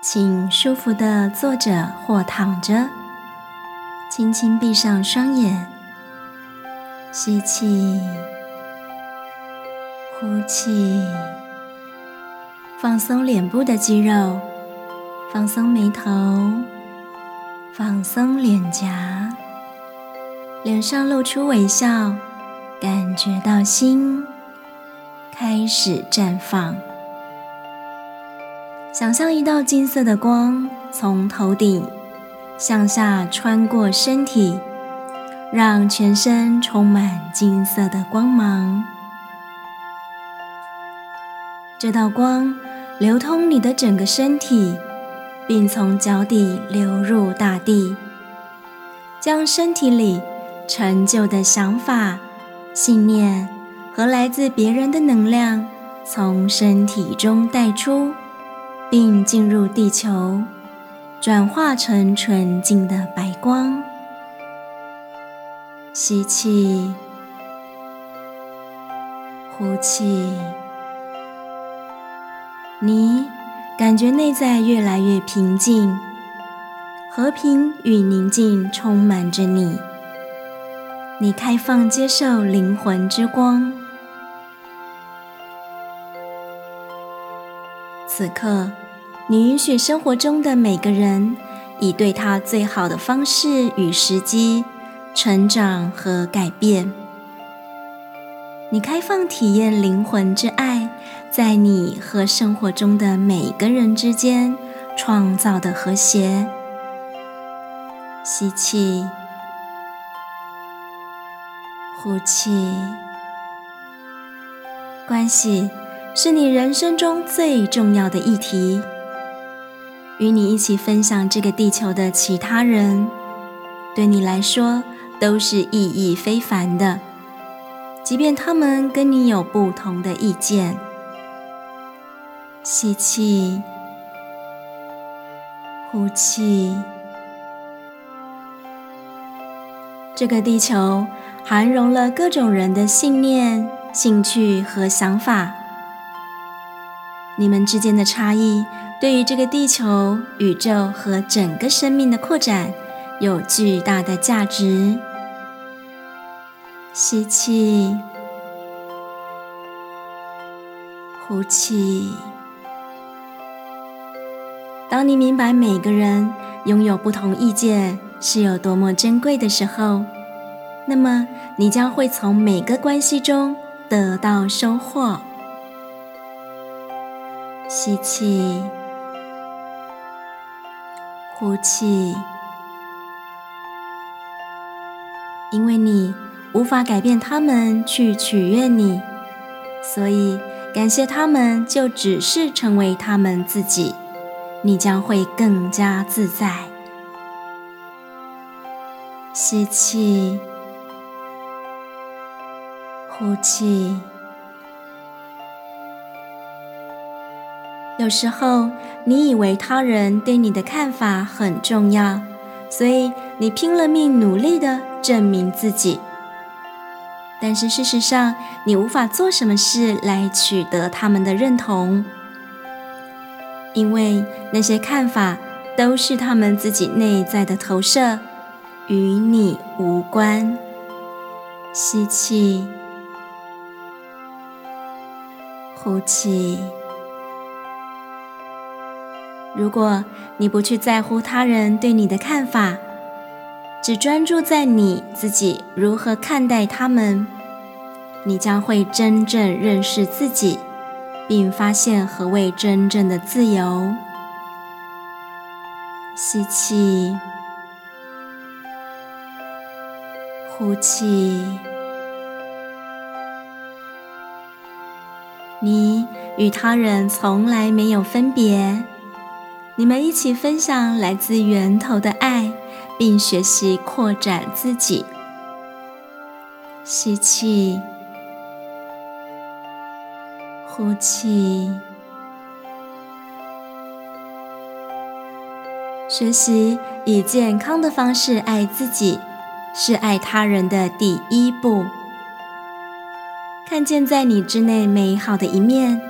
請舒服的坐着或躺着，輕輕閉上雙眼，吸氣，呼氣，放鬆臉部的肌肉，放鬆眉頭，放鬆臉頰，臉上露出微笑，感覺到心開始綻放。想象一道金色的光從頭頂向下穿過身體，讓全身充滿金色的光芒。這道光流通你的整個身體，並從腳底流入大地，將身體裡陳舊的想法、信念和來自別人的能量從身體中帶出。並進入地球，轉化成純淨的白光。吸氣，呼氣。你感覺內在越來越平靜，和平與寧靜充滿着你。你開放接受靈魂之光。此刻，你允許生活中的每個人以對他最好的方式與時機成長和改變。你開放體驗靈魂之愛，在你和生活中的每一個人之間創造的和諧。吸氣，呼氣，關係，是你人生中最重要的議題。與你一起分享這個地球的其他人，對你來說都是意義非凡的，即便他們跟你有不同的意見。吸氣，呼氣。這個地球涵容了各種人的信念、興趣和想法。你們之間的差異，對於這個地球、宇宙和整個生命的擴展，有巨大的價值。吸氣，呼氣。當你明白每個人擁有不同意見是有多麼珍貴的時候，那麼你將會從每個關係中得到收穫。吸氣，呼氣。因為你無法改變他們去取悅你，所以感謝他們就只是成為他們自己，你將會更加自在。吸氣，呼氣。有時候，你以為他人對你的看法很重要，所以你拼了命努力的證明自己。但是事實上，你無法做什麼事來取得他們的認同，因為那些看法都是他們自己內在的投射，與你無關。吸氣，呼氣。如果你不去在乎他人對你的看法，只專注在你自己如何看待他們，你將會真正認識自己，並發現何謂真正的自由。吸氣，呼氣，你與他人從來沒有分別。你們一起分享來自源頭的愛，並學習擴展自己。吸氣，呼氣。學習以健康的方式愛自己，是愛他人的第一步。看見在你之內美好的一面，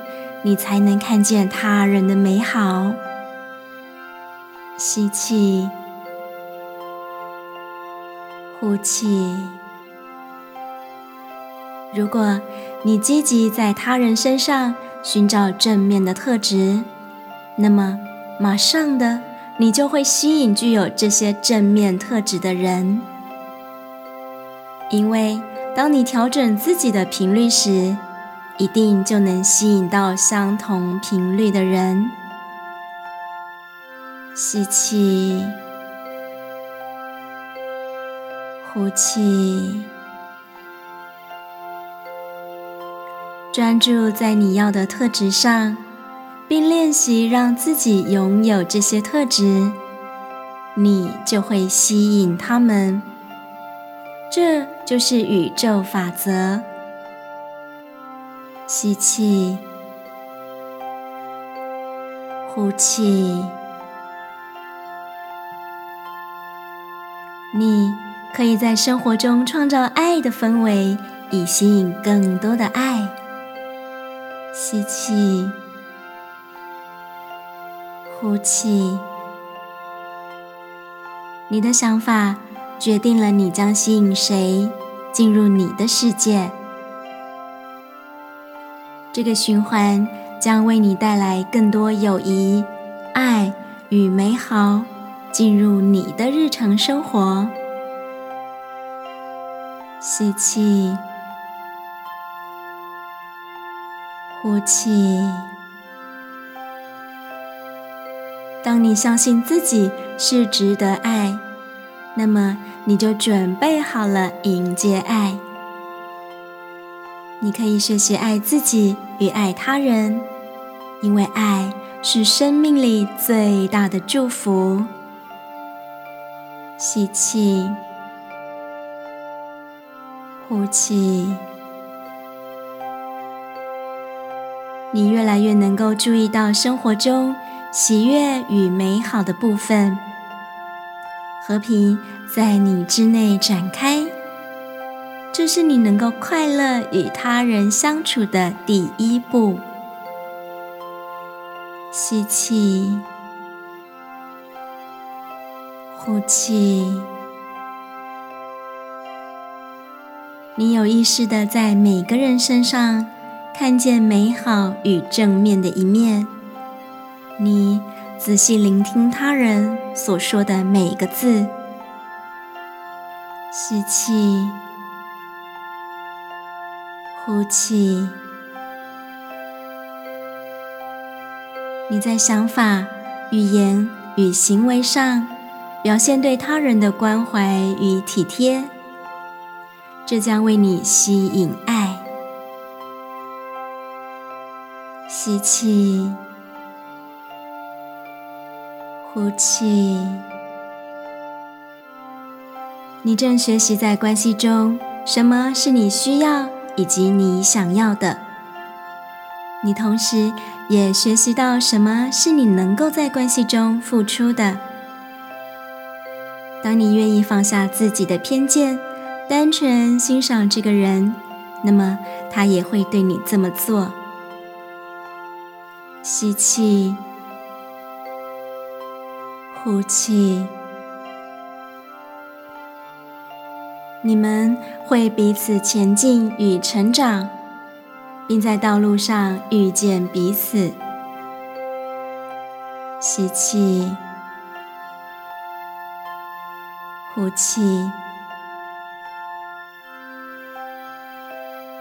你才能看見他人的美好。吸氣，呼氣。如果你積極在他人身上尋找正面的特質，那麼馬上的你就會吸引具有這些正面特質的人。因為當你調整自己的頻率時，一定就能吸引到相同頻率的人。吸氣，呼氣，專注在你要的特質上，並練習讓自己擁有這些特質，你就會吸引他們。這就是宇宙法則。吸氣，呼氣。你可以在生活中創造愛的氛圍，以吸引更多的愛。吸氣，呼氣。你的想法決定了你將吸引誰進入你的世界。這個循環將為你帶來更多友誼、愛與美好，進入你的日常生活。吸氣，呼氣。當你相信自己是值得愛，那麼你就準備好了迎接愛。你可以學習愛自己與愛他人，因為愛是生命裡最大的祝福。吸氣，呼氣。你越來越能夠注意到生活中喜悅與美好的部分，和平在你之內展開，這是你能夠快樂與他人相處的第一步。吸氣。呼氣，你有意識地在每個人身上看見美好與正面的一面。你仔細聆聽他人所說的每個字。吸氣，呼氣，你在想法、語言與行為上。表現對他人的關懷與體貼，這將為你吸引愛。吸氣，呼氣。你正學習在關係中，什麼是你需要以及你想要的。你同時也學習到什麼是你能夠在關係中付出的。當你願意放下自己的偏見，單純欣賞這個人，那麼他也會對你這麼做。吸氣，呼氣。你們會彼此前進與成長，並在道路上遇見彼此。吸氣。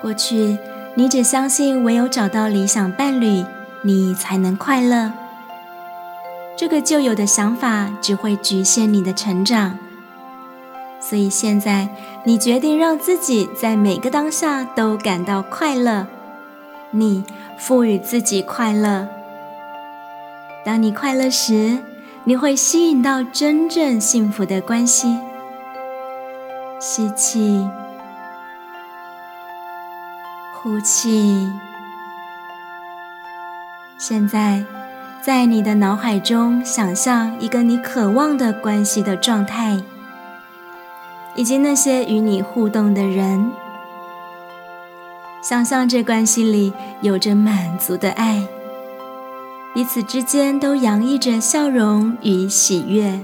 過去，你只相信唯有找到理想伴侶，你才能快樂。這個舊有的想法只會侷限你的成長。所以現在，你決定讓自己在每個當下都感到快樂。你賦予自己快樂。當你快樂時，你會吸引到真正幸福的關係。吸氣，呼氣。現在，在你的腦海中想象一個你渴望的關係的狀態，以及那些與你互動的人。想象這關係裡有着滿足的愛，彼此之間都洋溢着笑容與喜悅。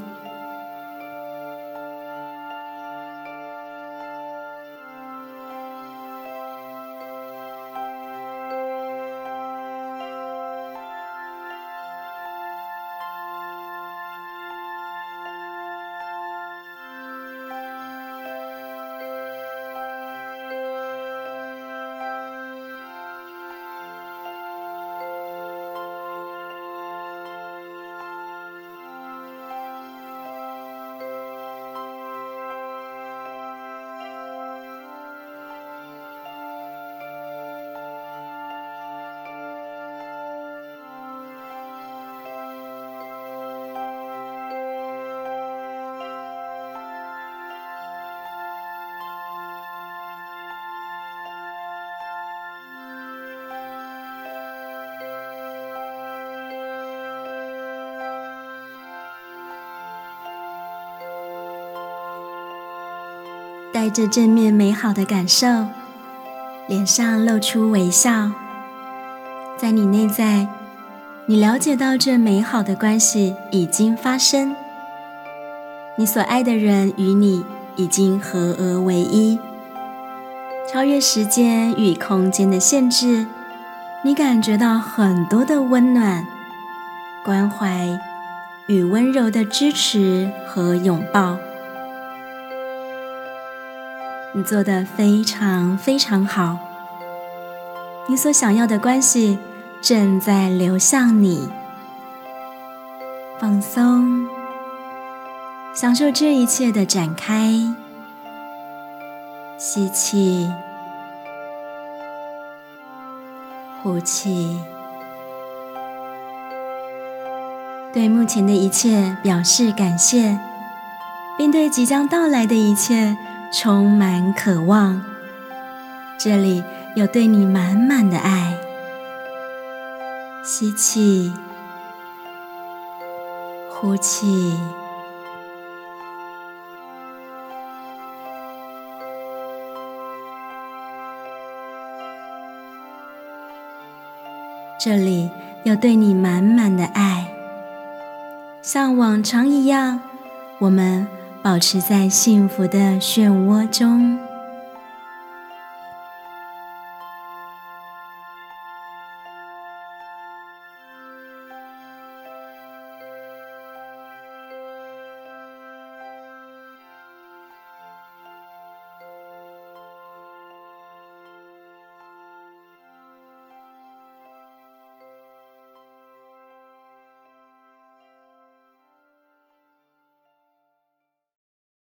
帶着正面美好的感受，臉上露出微笑。在你內在，你了解到這美好的關係已經發生，你所愛的人與你已經合而為一，超越時間與空間的限制。你感覺到很多的溫暖、關懷與溫柔的支持和擁抱。你做的非常非常好，你所想要的關係正在流向你。放鬆，享受這一切的展開。吸氣，呼氣，對目前的一切表示感謝，並對即將到來的一切。充滿渴望，這裡有對你滿滿的愛。吸氣，呼氣，這裡有對你滿滿的愛。像往常一樣，我們。保持在幸福的漩渦中。